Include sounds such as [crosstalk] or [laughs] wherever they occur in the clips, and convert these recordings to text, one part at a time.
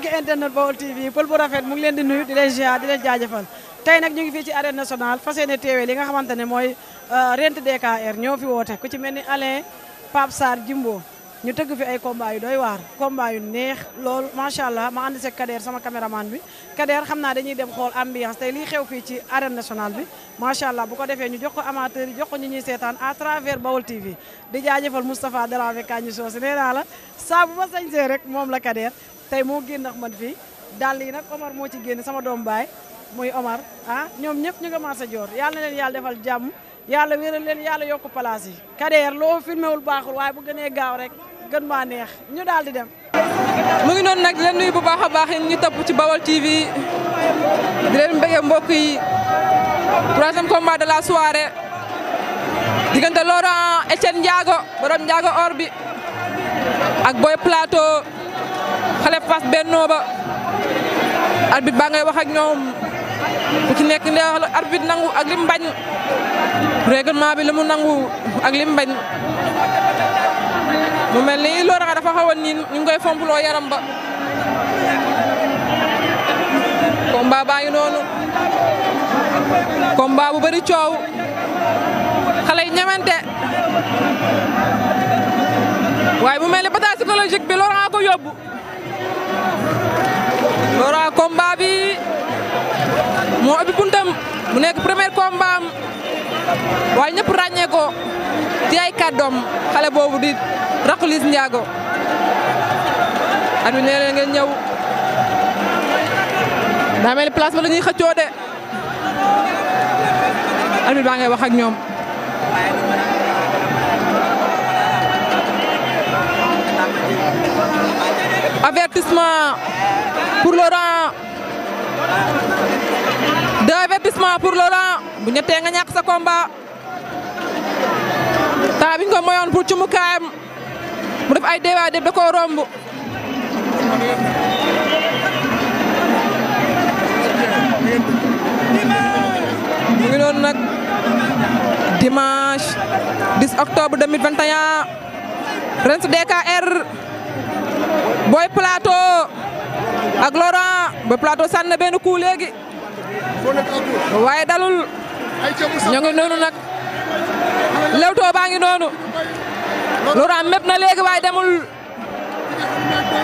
mbokki internet Baol TV pël bu rafet mu ngi leen di nuyu di leen ziar di leen jaajëfal tey nag ñu ngi fii ci arène nationale fas yéene teewee li nga xamante ne mooy euh, rent DKR ñoo fi woote ku ci mel ni Alain Pape Sarr Jimbo ñu tëgg fi ay combat yu doy waar combat yu neex lool macha allah ma ànd seeg Kader sama caméraman bi Kader xam naa dañuy dem xool ambiance tey lii xew fii ci arène nationale bi macha allah bu ko defee ñu jox ko amateur yi jox ko ñi ñuy seetaan à travers Baol TV di jaajëfal Moustapha Dalavé Kañu Soose nee naa la saa bu ma sañsee rek moom la Kader tey moo génn ak man dàll yi nag Omar moo ci génn sama doom baay muy Omar a ah, ñoom ñëpp ñu nga marché joor yàlla na leen yàlla defal jàmm yàlla wéral leen yàlla yokk place yi. loo filmé wul baaxul waaye bu gënee gaaw rek gën maa neex ñu daal di dem. mu ngi noonu nag di leen nuyu bu baax a baax yéen ñu topp ci Bawal TV di leen bëggee mbokk yi troisième combat de la soirée diggante Laurent Etienne Ndiago borom Ndiago or bi ak Boy Plateau. xale fas bennoo ba arbitre baa ngay wax ak ñoom ku ci nekk li arbitre nangu ak lim bañ règlement bi li mu nangu ak lim bañ mu mel ni loo raxa dafa xawoon niin ñu ngi koy fomploo yaram ba combat baa ngi noonu combat bu bëri coow xale yi ñemente waaye mu mel ni bataille psychologique bi Laurent a ko yóbbu Zora combat moo ubbi buntam mu nekk premier combat am waaye ñëpp ràññee ko ci ay kàddoom xale boobu di Rakhou Liss Ndiago at mi nee leen ngeen ñëw daa ñuy xëccoo de at mi baa ngay wax ñoom. avertissement pour Laurent deux avertissement pour Laurent bu ñettee nga ñàkk sa combat bi ñu ko moyoon pour cumukaayam mu def ay déwéy def da koo romb. mu ngi doon nag dimanche 10 octobre 2021 Rens DKR. Boy Plateau ak Laurent Boy Plateau sànni benn coup léegi waaye dalul ñu ngi noonu nag Leewtoo baa ngi noonu Laurent mépp na léegi waaye demul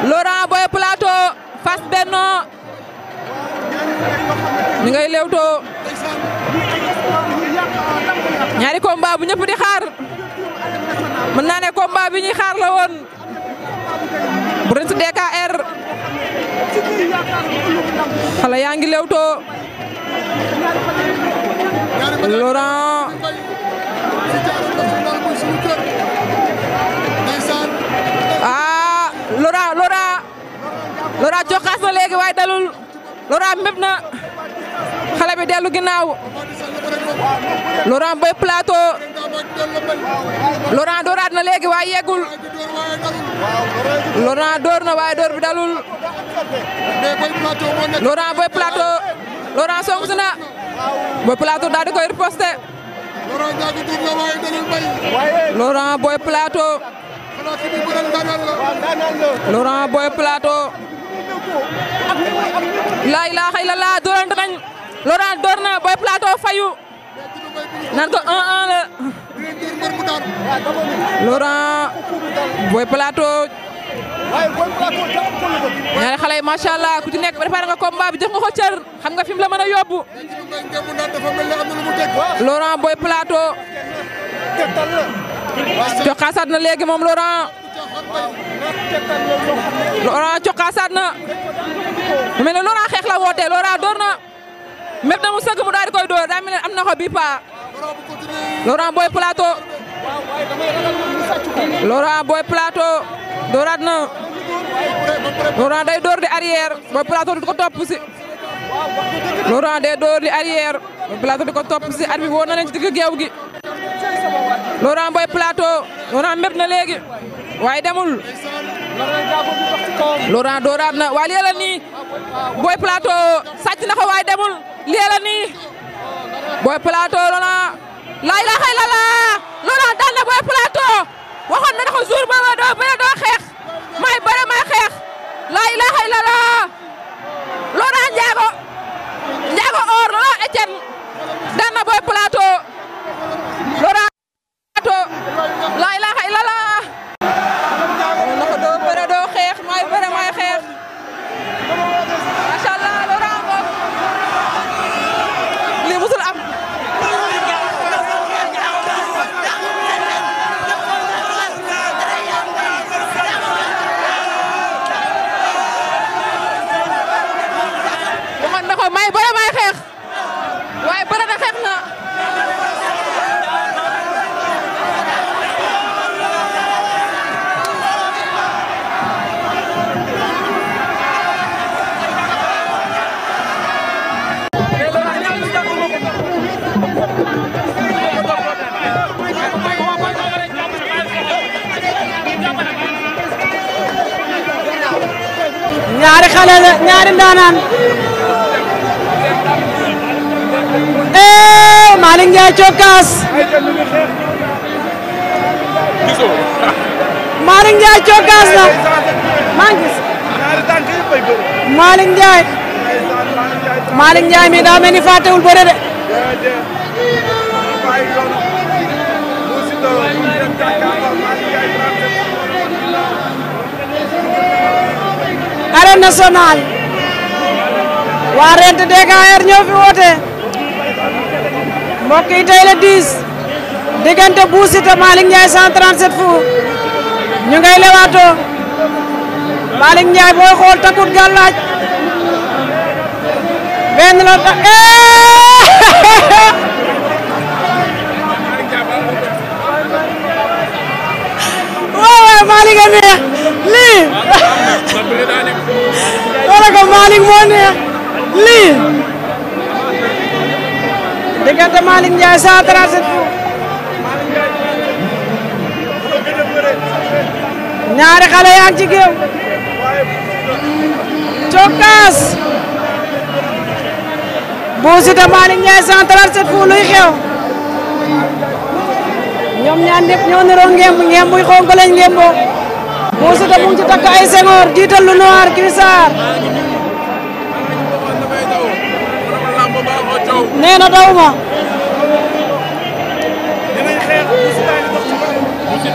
Laurent Boy Plateau fas benno ñu ngay Leewtoo ñaari combat bu ñëpp di xaar mën naa ne combat bi ñuy xaar la woon. xale yaa ngi lewtoo Laurent ah Laurent Laurent na léegi waaye dalul Laurent mépp na xale bi dellu ginnaaw Laurent Boy Plateau dooraat na léegi waaye yeggul Laurent door na waaye door bi dalul Laurent Boy Plateau Laurent songu na Boy Plateau daal koy riposté Laurent Boy Plateau Laurent Boy Plateau laa ilaaha illallaah doorante nañ Laurent door na Boy fayu nan ko 1-1 la Laurent Boy ñaari xale yi macha ku ci nekk préparé nga combat bi jox nga ko cër xam nga fi la mën a yóbbu. Laurent Boy Plateau. coxaasaat na léegi moom Laurent. Laurent coxaasaat na. mu mel ne Laurent xeex la woote Laurent door na. méb na mu sëgg mu daal koy door daa mel am na ko paa. Laurent Boy Plateau. Laurent Boy Plateau. dooraat na Laurent day door di arrière Boy Plateau di ko topp si Laurent door di arrière Boy Plateau di ko topp si arbitre bi woon na leen gi Laurent Boy Plateau Laurent mépp na léegi waaye demul Laurent dooraat na waaye lii Boy Plateau sàcc ko waaye demul lii Boy Plateau Laurent laa ilaaha illallaa Laurent daan na Boy Plateau waxoon ne ko jour booba doo bëre doo xeex may bëre may xeex laa ilaaha illallah loolu njaago njaago or loolu daal Etienne booy plateau loolu daal plateau xale la ñaari ndaanaan eh Malick cokkaas Malick Ndiaye cokkaas na maa ngi gis Malick Ndiaye mi daa mel ni fàttewul arène nationale waa rent DKR ñoo fi woote mbokk tey la 10 diggante Bou Siteu Malick Ndiaye fu ñu ngay lewaatoo Malick Ndiaye booy xool takut gàllaaj benn la ta [laughs] waaw waaw Malick a lii [laughs] diggante ñaari xale yaa ngi ci géew cokkaas Bou Siteu Malick Ndiaye 137 fu luy ñoom ñaar ñëpp ñoo niroo ngemb ngemb bu xonk lañ ngemboo Bou Siteu mu ngi ci takk ay sengoor jiital lu noir grisaar nee na daw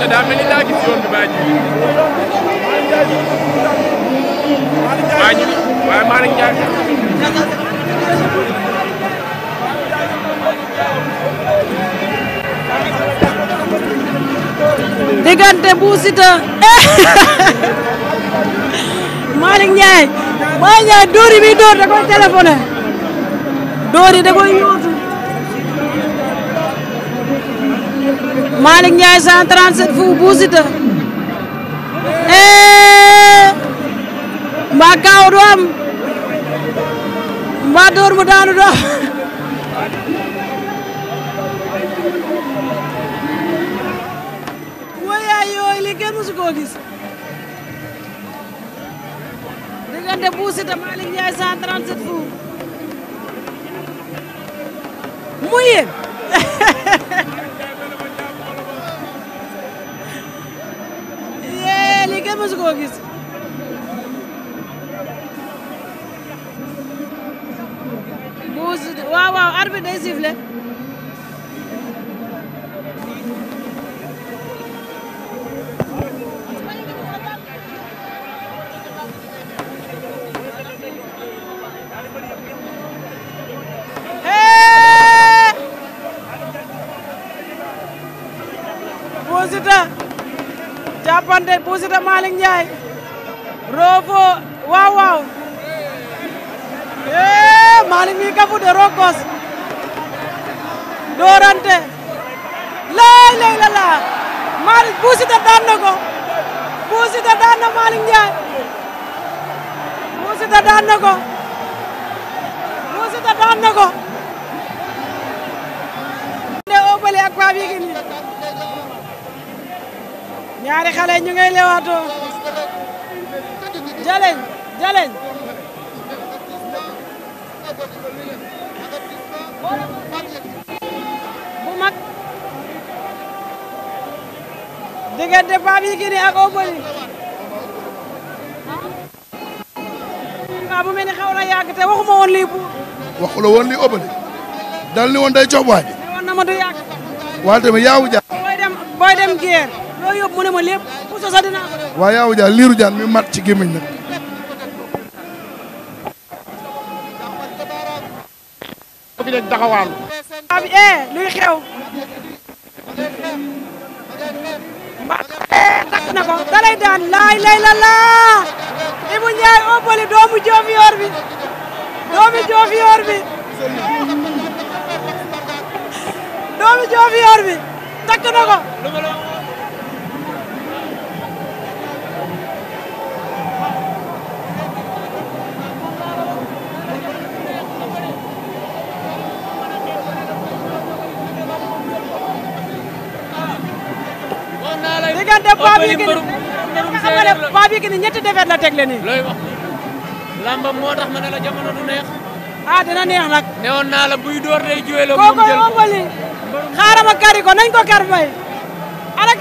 te diggante Bou Siteu. Malick Ndiaye. [laughs] Malick Ndiaye dóor yi dóor da koy téléphoné. dóor yi koy yóor. Malick Ndiaye 137 fu Bou Siteu mbaa kaaw du mbaa dóor mu daanu do wayaay yooyu li kenn gis diggante Bou Siteu Malick Ndiaye 137 fu mu yéen [laughs] kenn mësu koo gis. buus waaw waaw arbitre day sifflé. bu Siteu Malick Ndiaye roofo waaw waaw ee eh, Malick mi kafu de rokos doorante laay lay la laa Malick bu Siteu daan na ko bu Siteu daan na Malick Ndiaye bu Siteu daan na ko bu Siteu daan na ko de obale ak Pape Yékini ñaari xale ñu ngay lewaatoo jaleñ jaleñ bu mag diggante Pape Yékini ak Obeuly waaw bu mel ni xaw na te waxuma woon lii bu waxu la lii Obeuly dal ni woon day cob waaj woon ma yaawu jaar booy dem booy loo yóbbu mu ne ma lépp bu sosa waaye yaawu jaan mi mat ci gémmiñ nag. fi nekk eh, luy xew. mbaa eh, takk na ko dalay daan laay lay la laa. Ibou Ndiaye Obali doomu Diofior bi. doomu doomu Diofior bi takk na ko. a Pape a nga xamale Pape Yékini ñetti defet la tegle nii. looy ne la ah, naa la buy door day juweloo. moom jël ko a ëmbali. nañ ko kar bay. ala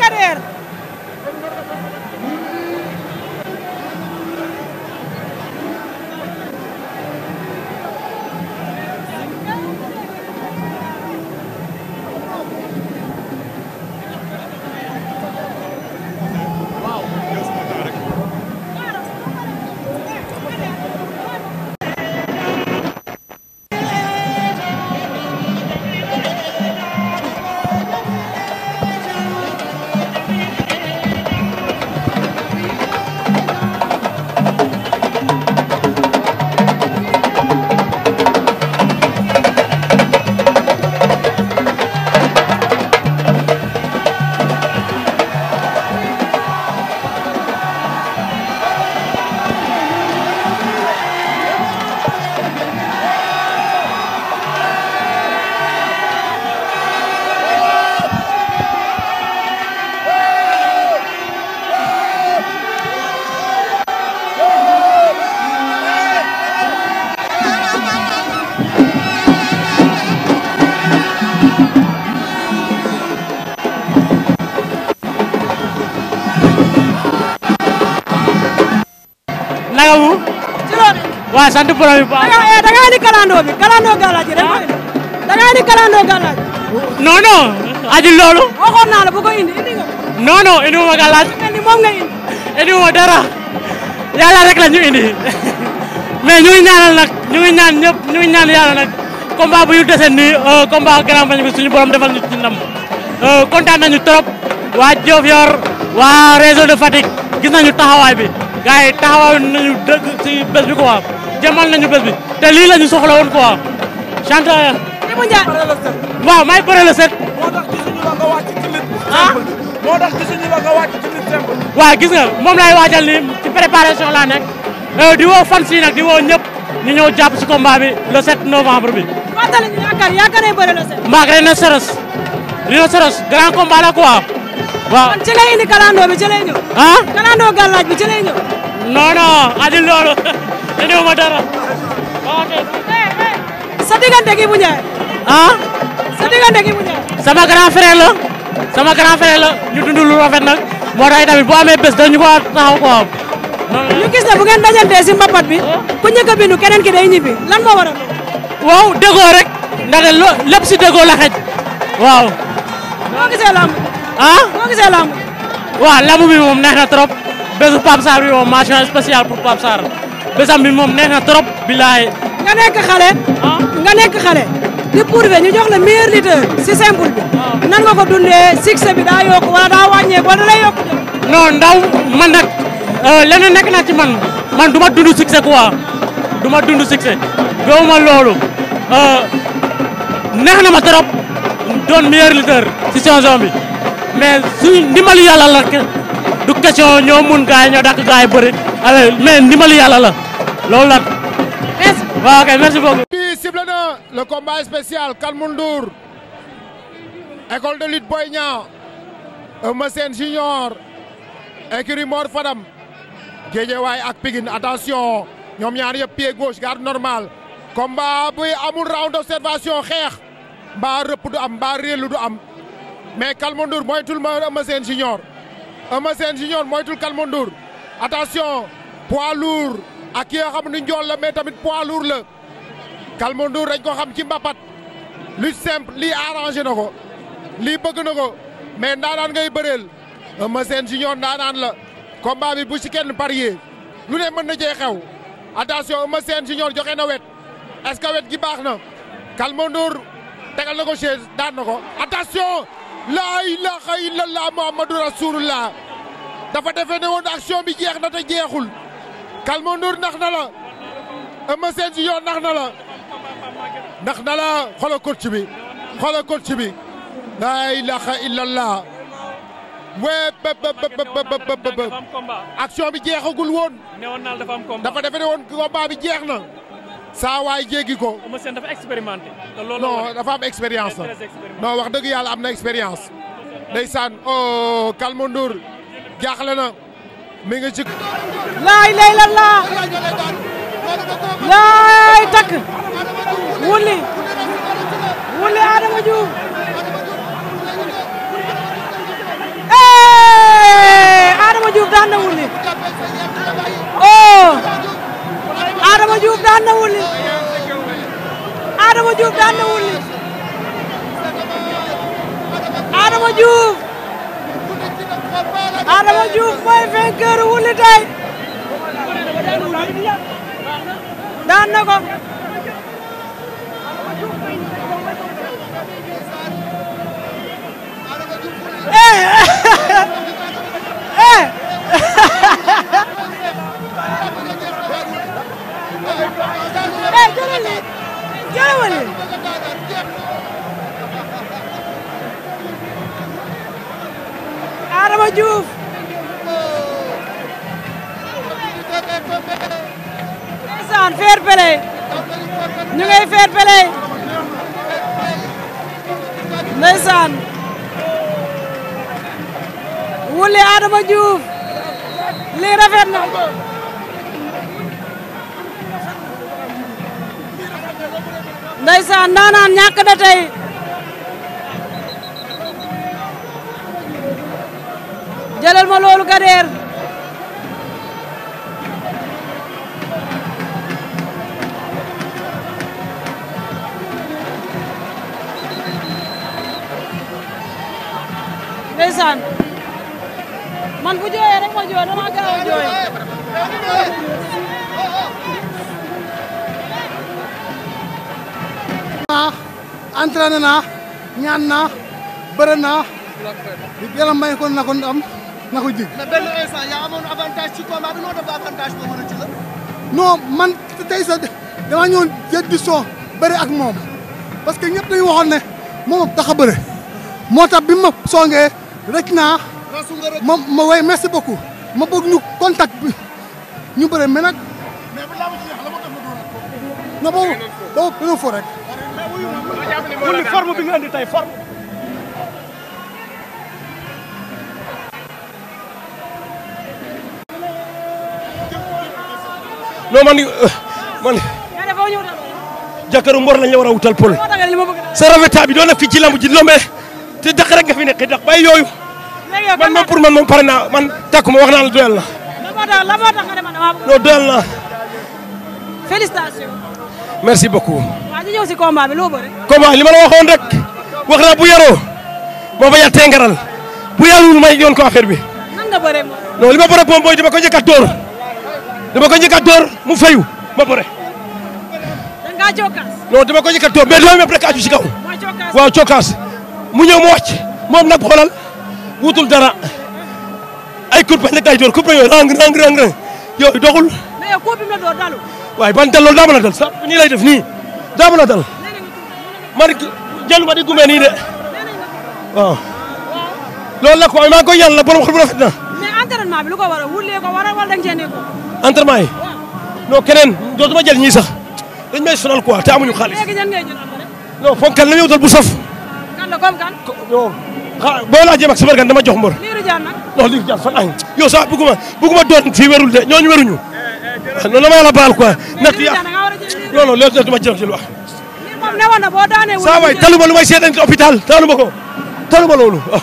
waaw sant borom bi bu baax. da ngaa eh, indi kalandoo bi kalandoo gàllaaj rek mooy indi. da ngaa indi kalandoo gàllaaj. naa la bu indi indi nga. indi ma gàllaaj. indi moom nga indi. indi ma dara. yàlla rek la ñu indi. [laughs] mais ñu ngi ñaanal nag ñu ngi ñaan ñëpp ñu ñaan yàlla nag combat bu ñu dese nii euh, combat grand prix bi suñu borom defal ñu ci ndam euh, kontaan nañu waa Diofior waa réseau de Fatick gis nañu taxawaay bi gars yi taxawaay nañu dëgg ci bés bi ko demal nañu bés bi te lii la ñu soxla woon quoi. chante. Euh, Ibou Ndiaye waaw maay bëre ah? la set. gis nga moom laay waajal ni ci préparation laa nekk euh, di woo fan si nag di woo ñëpp ñu ñëw jàpp si combat bi le novembre bi. fàttali ñu yaakaar yaakaar nañu bëre le 7. maa ngi Rino Seres Rino Seres grand combat la quoi. waaw kon bi ci lay ñëw. ah bi ci lay ñëw. adil loolu. [laughs] te néew ma dara. sa diggante gi bu ñëwee. ah. sa sama grand frère la. sama grand frère la ñu dund lu rafet nag moo tax tamit bu amee bés dañu ko taxaw ko am. ñu gis ne bu ngeen dajantee bi ah? ku njëkk a keneen ki day ñibbi lan moo waral. waaw déggoo rek ndaxte loo lépp si déggoo la xej waaw. noo gisee ah? moom neex na trop bésu Pape bi moom mention spéciale pour Pape bésam bi moom neex na trop billaay nga nekk xale ah. nga nekk xale di pourve jox la meilleur lutteur si simple bi ah. nan nga ko dundee succès bi daa yokk wala daa wàññeeku wala lay yokk non ndaw man nag euh, leneen nekk na ci man man du ma dund succès quoi du ma dund succès gëwuma loolu euh, neex na ma trop doon meilleur lutteur si saison bi mais suñu ndimbalu yàlla la du question ñoo mun gaay ñoo dàq gaay bëri allez mais ndimbali yàlla la loolu la. merci waaw kay merci beaucoup. bi cible na le de lutte Boy Niang Eumeu junior écurie Mor Fadam Guédiawaye ak Pikine attention ñoom ñaar yëpp pied gauche garde normal combat buy amul round d'observation xeex mbaa rëpp du am mbaa réelu am mais Kalmundour moytul ma Eumeu Sène junior Eumeu junior moytul Kalmundour attention poids lourd ak ki nga xam ni la mais tamit poids lourd la Calme Ndour dañ ko xam ci mbapat lu simple lii arrangé na ko lii bëgg na ko mais ndaanaan ngay bëreel Eumeu Sène junior ndaanaan la combat bi bu ci kenn parier lu ne mën na cee xew attention Eumeu si junior joxe na wet est-ce wet gi baax na Calme Ndour tegal na ko chaise daan na ko attention laa ilaha illallah muhammadu rasulullah dafa defee ne woon action bi jeex na te jeexul Kalmandour ndax na la Eumeu si Junior nax na la ndax na la xoola coach bi xoola coach bi laa ilaha illallah wee ba action bi jeexagul woon dafa defe ne woon combat bi jeex na saa waay jéggi ko dafa expérimenté non dafa am expérience na non wax dëgg yàlla am na expérience ndeysaan oh Kalmandour jaaxle na mi ngi ci. laay lay takk wuli wuli Adama Diouf Adama Diouf daan na wuli oh Adama Diouf daan na wuli Adama Diouf daan na wuli Adama Diouf. Adama Diouf mooy vainqueur Wouli Tay daan na ko eh [laughs] Papa Diouf ndeysaan fair play ñu ngay fair play ndeysaan wuli Adama Diouf lii rafet na ndeysaan naanaan ñàkk na tey jëlal ma loolu Kader ndeysaan man bu jooyee rek ma jooy dama gaaw a jooy naa entraîné naa ñaan naa bëre naa yàlla may ko na ko ndam nga koy dégg. mais benn instant yaa man tey sax damaa ñëwoon jël du son ak moom parce que ñëpp dañu waxoon ne moom tax a bëre moo tax bi ma songee rek naa. ma ma way merci ma bëgg ñu contact bi ñu bëre mais nag. mais bu laaw ci la rek. non man man. jàkkaaru mbor lañ la war a wutal pël. sa rafetaay bi doon na fi ci lamb ji lombe te dàq rek nga fi nekk dàq bàyyi yooyu. man moom pour man moom pare na man takku ma wax naa la doyal na. non doyal na. félicitations. merci beaucoup. waaw ñu ñëw si combat li ma la waxoon rek wax naa bu yaroo a tengaral bu yarul yoon ko affaire bi. nan nga bëree moom. non li ma ko njëkk a dama ko njëkk door mu fayu ma bëre. da ngaa ko njëkk a door mais loolu yëpp rek aju si kaw. waaw jokkaas mu ñëw mu wàcc moom nag xoolal wutul dara ay coup ba nekk door coup ba yooyu rang rang rang yooyu doxul. waaye ban dal loolu daa mën a dal sax nii lay def nii daa mën a dal man jël ma di gume nii de waaw. la ko maa ngi koy yàlla borom xol bu rafet na. mais entraînement bi lu ko waral wulee ko waral wala da nga cee nekkul. entraînement yi. non keneen dootuma jël ñii sax dañ may sonal quoi te amuñu xaalis. léegi ñan ngay jël non fonkal nañu wutal bu saf. kan la comme kan. non xa boo laajee mag dama jox mbër. liiru jaan nag. non liiru jaan fan añ yow sax bëgguma bëgguma doon de ñooñu weruñu. Eh, eh, non dama yàlla baal quoi. nag ya non non loolu dootuma jël jël wax. moom newoon na boo daanee. saa waay taluma lu may seetaan hôpital taluma ko taluma loolu ah.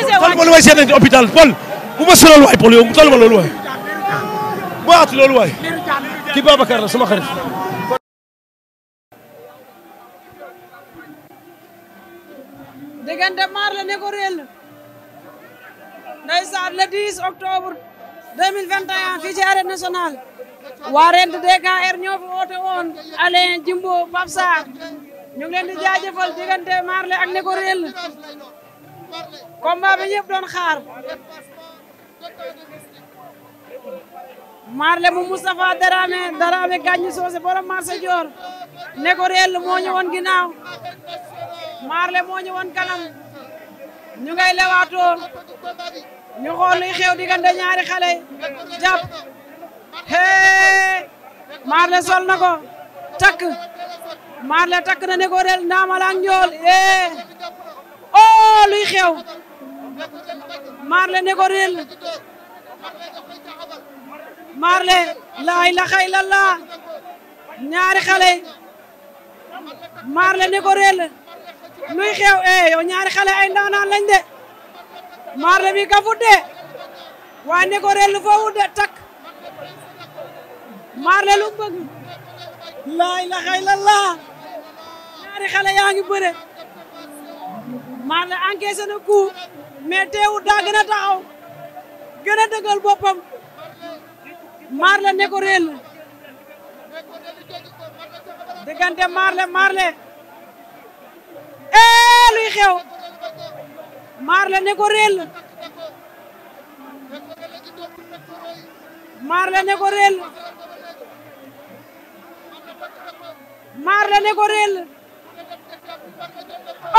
xool ma lu may seetante hôpital Paul bu ma sonal waay Paul yow mu toll ma loolu waay mu aatu loolu waay kii Babacar la sama xarit. diggante maar la ne ko réel ndeysaan le 10 octobre 2021 fii ci arène nationale waa rent DKR ñoo fi woote woon Alain Jimbo Pape Sarr ñu ngi leen di diggante maar la ak ne ko combat bi ñëpp doon xaar Marley mu Moustapha Darame Darame gàññi soose borom marché Dior ne ko réel moo ñëwoon ginnaaw Marley moo ñëwoon kanam ñu ngay lewaatoo ñu xool luy xew diggante ñaari xale jàpp hee Marley sol na ko takk Marley takk na ne ko réel ndaama la oh luy xew Marley ne ko réel Marley laa ilaha illallah ñaari xale Marley ne ko réel luy xew eh yow ñaari xale ay ndaanaan lañ de Marley bi kafut de waaye ne ko réel lu de takk Marley lu bëgg laa ilaha illallah ñaari xale yaa ngi bëre man la encaissé na coup mais teewul daa gën a taxaw gën a dëggal boppam Marley ne ko réel diggante Marley Marley ee eh, luy xew Marley ne ko réel Marley ne ko réel Marley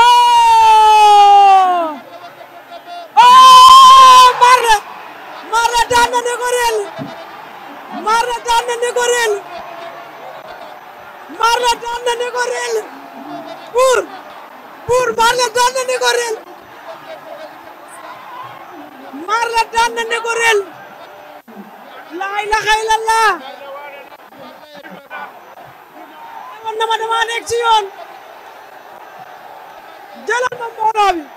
oh oh Marley Marley daan na Néko Rél Marley daan na Néko Rél Marley daan na Néko Rél pour pour Marley daan na Néko Rél Marley daan na Néko Rél la ilaha illallah dama dama nekk ci yoon bi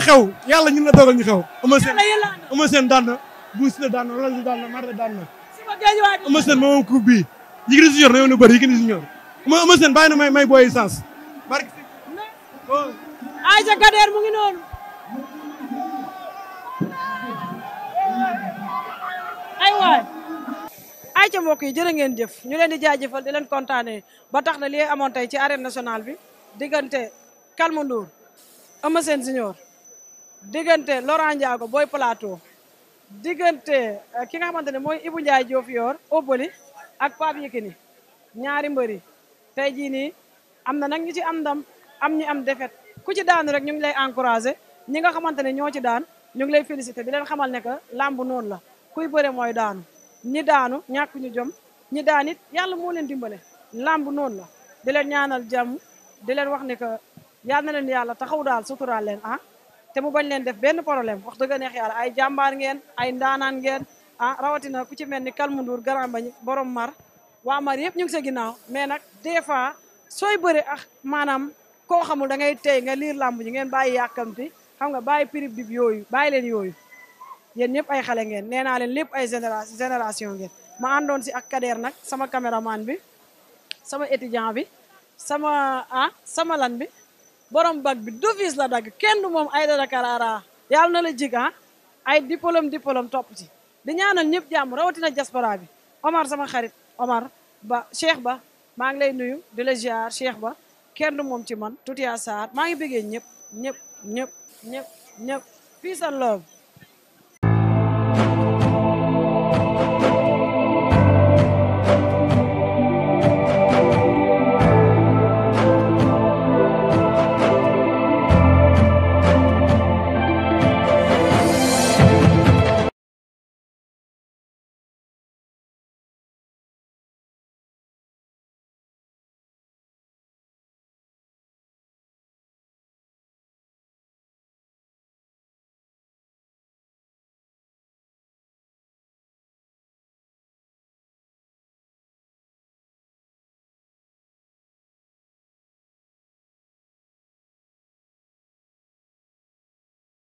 mooy xew yàlla ñun la dogal ñu xew. Eumeu Sène Eumeu Sène daan na Bou Siteu daan na Lac daan na Marley daan na. Eumeu Sène moom coupe bi Yékini Junior na yow na bëri Yékini Junior ma Eumeu Sène bàyyi na may may booy sens. barke Aïcha Kader mu ngi noonu. ay waay ayca mbokk yi jërë ngeen jëf ñu leen di jaajëfal di leen kontaanee ba tax na li amoon tey ci arène nationale bi diggante Kalma Ndour Eumeu Sène Junior diggante Laurent booy Boy Plateau diggante eh, ki nga xamante ne mooy Ibou Ndiaye Diofior Oboli ak Pape ni ñaari mbëri tey jii nii am na nag ñu ci am ndam am ñi am défaite ku ci daanu rek ñu ngi lay encouragé ñi nga xamante ne ñoo ci daan ñu ngi lay félicité di leen xamal ne que làmb noon la kuy bëre mooy daanu ñi daanu ñàkk ñu jom ñi daan yàlla moo leen dimbale làmb noonu la di leen ñaanal jàmm di leen wax ne que yal na leen yàlla taxaw daal suturaal leen ah te mu bañ leen def benn problème wax dëgg neex yàlla ay jàmbaar ngeen ay ndaanaan ngeen ah rawatina ku ci mel ni Kalmu Ndour bañ borom mar waa mar yëpp ñu ngi sa ginnaaw mais nag des fois sooy bëri ax maanaam koo xamul da ngay tey nga liir làmb ji ngeen bàyyi yàkkamti xam nga bàyyi prib bi yooyu bàyyi leen yooyu yéen ñëpp ay xale ngeen nee naa leen lépp ay génération génération ngeen ma àndoon si ak Kader nag sama caméraman bi sama étudiant bi sama ah sama lan bi borom bag bi devise la dagg kenn du moom ay da Dakar ara yàlla na la jig ah ay diplôme diplôme topp ci di ñaanal ñëpp jàmm rawatina diaspora bi Omar sama xarit Omar ba Cheikh ba maa ngi lay nuyu di la ziar ba kenn du moom ci man Toutia Sarr maa ngi bëggee ñëpp ñëpp ñëpp ñëpp ñëpp peace